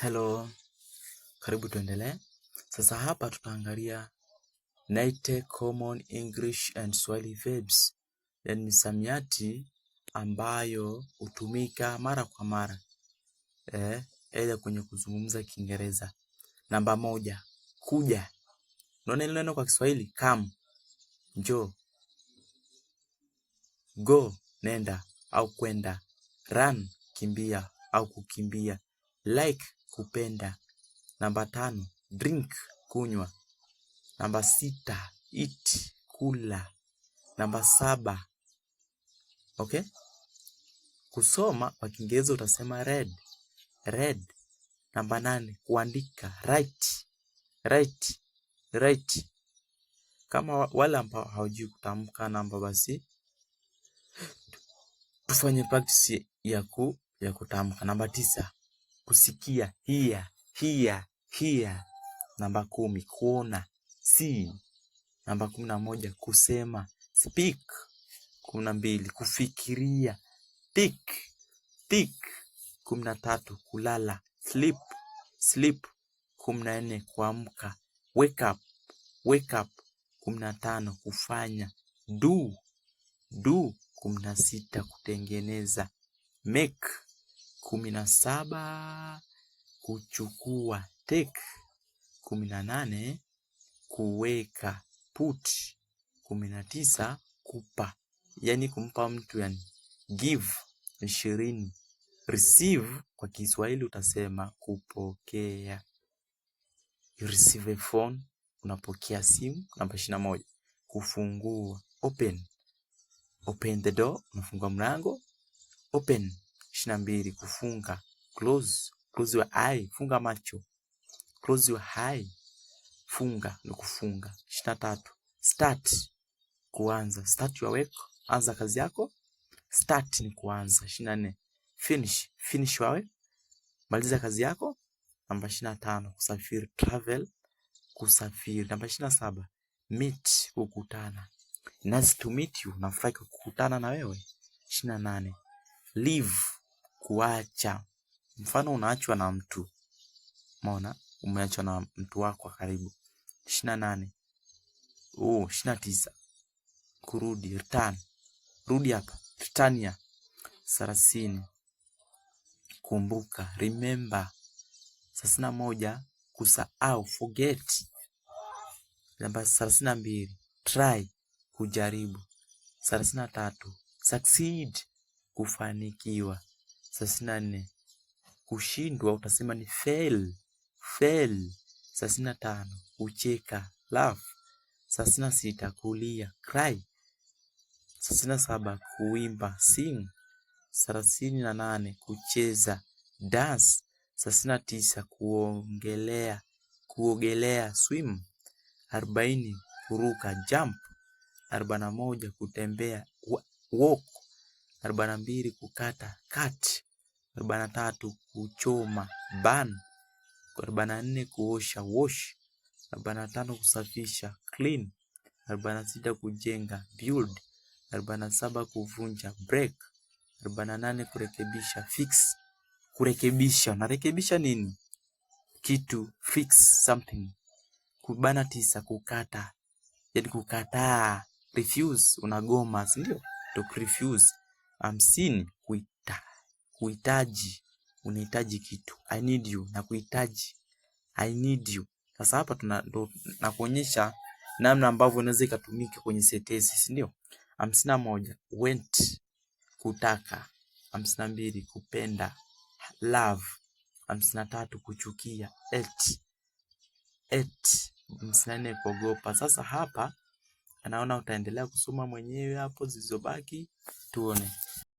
Hello. Karibu tuendelee. Sasa hapa tutaangalia Naite Common English and Swahili verbs, yaani misamiati ambayo hutumika mara kwa mara eh, ile kwenye kuzungumza Kiingereza. Namba moja, kuja. Unaona ile neno kwa Kiswahili come, njoo, go, nenda au kwenda, run, kimbia au kukimbia, like kupenda. Namba tano drink kunywa. Namba sita eat kula. Namba saba okay, kusoma kwa Kiingereza utasema read read. Namba nane kuandika write write write. Kama wale ambao hawajui kutamka namba, basi tufanye practice ya ku ya kutamka. Namba tisa kusikia hia hia hia Namba kumi kuona si Namba kumi na moja kusema speak. Kumi na mbili kufikiria tik tik Kumi na tatu kulala sleep sleep. Kumi na nne kuamka wake up wake up. Kumi na tano kufanya do do. Kumi na sita kutengeneza make kumi na saba kuchukua take, kumi na nane kuweka put, kumi na tisa kupa, yani kumpa mtu yani give, ishirini receive. Kwa Kiswahili utasema kupokea. You receive a phone, unapokea simu. Namba ishirini na moja kufungua open, open the door, unafungua mlango open ishirini na mbili kufunga close, close your eye, funga macho close your eye, funga ni kufunga. ishirini na tatu start, kuanza start your work, anza kazi yako. Start ni kuanza. ishirini na nne finish, finish wawe, maliza kazi yako. Namba ishirini na tano kusafiri travel, kusafiri. Namba ishirini na saba meet, kukutana Nice to meet you, nafurahi kukutana na wewe. ishirini na nane leave kuacha. Mfano unaachwa na mtu. Umeona? Umeachwa na mtu wako wa karibu. Ishirini na nane. Oh, ishirini na tisa. Kurudi, return. Rudi hapa. Titania. Sarasini. Kumbuka, remember. Thelathini na moja, kusahau, forget. Namba thelathini na mbili, try, kujaribu. Thelathini na tatu, succeed, kufanikiwa thelathini na nne kushindwa utasema ni fail, fail. thelathini na tano kucheka laugh. thelathini na sita kulia cry. thelathini na saba kuimba sing. thelathini na nane kucheza dance. thelathini na tisa kuongelea kuogelea swim. arobaini kuruka jump. arobaini na moja kutembea walk. arobaini na mbili kukata cut arobaini na tatu kuchoma burn, arobaini na nne kuosha wash, arobaini na tano kusafisha clean, arobaini na sita kujenga build, arobaini na saba kuvunja break, arobaini na nane kurekebisha fix. Kurekebisha narekebisha nini? Kitu fix something. Kubana tisa kukata, yani kukataa refuse, unagoma, sindio tok To refuse. hamsini Kuhitaji, unahitaji kitu. I need you, nakuhitaji. I need you. Sasa hapa nakuonyesha namna ambavyo inaweza ikatumika kwenye sentensi, si ndio? Hamsini na moja kutaka. Hamsini na mbili kupenda, love. Hamsini na tatu kuchukia, hate. Hate. Hamsini na nne kuogopa. Sasa hapa anaona utaendelea kusoma mwenyewe hapo, zilizobaki tuone.